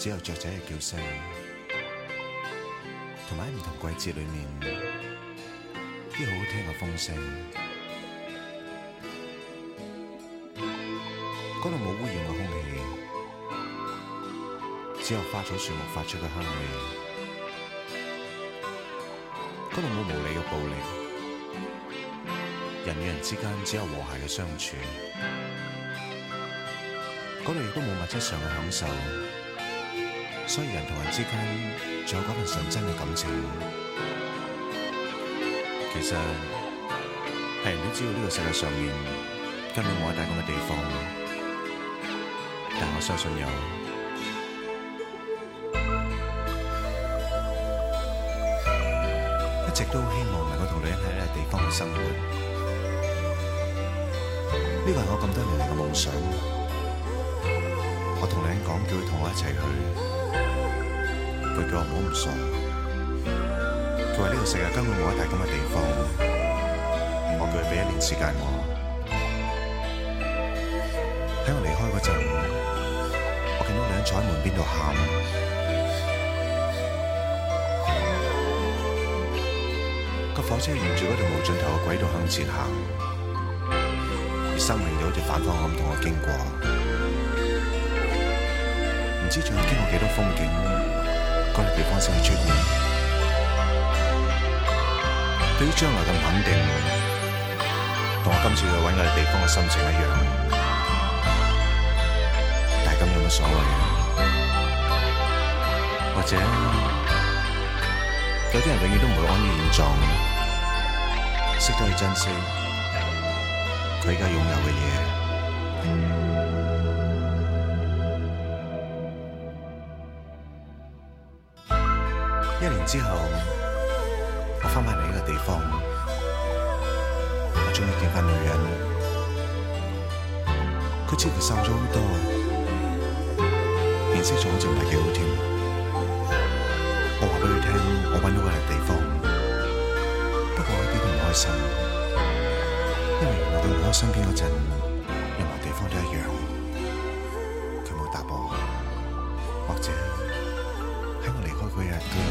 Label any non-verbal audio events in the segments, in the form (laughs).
只有雀仔嘅叫聲，同埋喺唔同季節裏面，啲好聽嘅風聲。嗰度冇污染嘅空氣，只有花草樹木發出嘅香味。嗰度冇無理嘅暴力，人與人之間只有和諧嘅相處。嗰度亦都冇物質上嘅享受。所以人同人之間仲有嗰份純真嘅感情，其實係人都知道呢個世界上面根本冇伊甸咁嘅地方，但我相信有，一直都好希望能夠同女人喺呢個地方去生活，呢個係我咁多年嚟嘅夢想，我同女人講叫佢同我一齊去。佢叫我唔好咁傻，佢話呢度世界根本冇一笪咁嘅地方，我叫佢俾一年時間我。喺我離開嗰陣，我見到女人坐喺門邊度喊，個火車沿住嗰條無盡頭嘅軌道向前行，而生命就好似反方向同我經過，唔知仲要經過幾多風景。揾嘅地方先去出現。對於將來嘅肯定，同我今次去揾嘅地方嘅心情一樣。但係今有乜所謂？或者有啲人永遠都唔會安於現狀，識得去珍惜佢而家擁有嘅嘢。之後，我返返嚟呢個地方，我終於見返女人。佢似乎瘦咗好多，面色仲好似唔係幾好添。我話畀佢聽，我揾到個人地方，不過我一啲都唔開心，因為我到唔到身邊嗰陣，任何地方都一樣。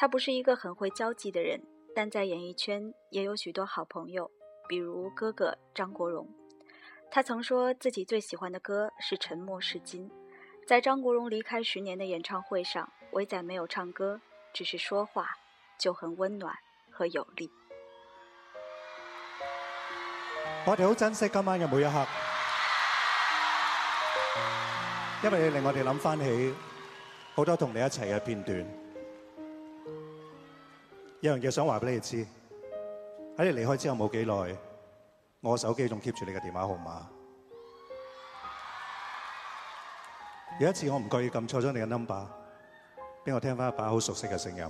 他不是一個很會交際的人，但在演藝圈也有許多好朋友，比如哥哥張國榮。他曾說自己最喜歡的歌是《沉默是金》。在張國榮離開十年的演唱會上，偉仔沒有唱歌，只是說話，就很温暖和有力。我哋好珍惜今晚嘅每一刻，因為你令我哋諗翻起好多同你一齊嘅片段。有樣嘢想話俾你知，喺你離開之後冇幾耐，我手機仲 keep 住你嘅電話號碼。有一次我唔覺意撳錯咗你嘅 number，俾我聽翻一把好熟悉嘅聲音。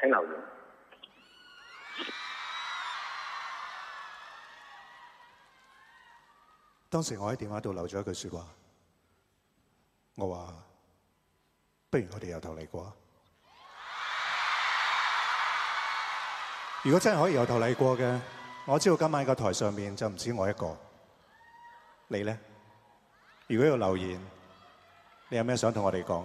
請留言。當時我喺電話度留咗一句説話，我話：不如我哋由頭嚟過。 (laughs) 如果真係可以由頭嚟過嘅，我知道今晚個台上面就唔止我一個。你呢？如果要留言，你有咩想同我哋講？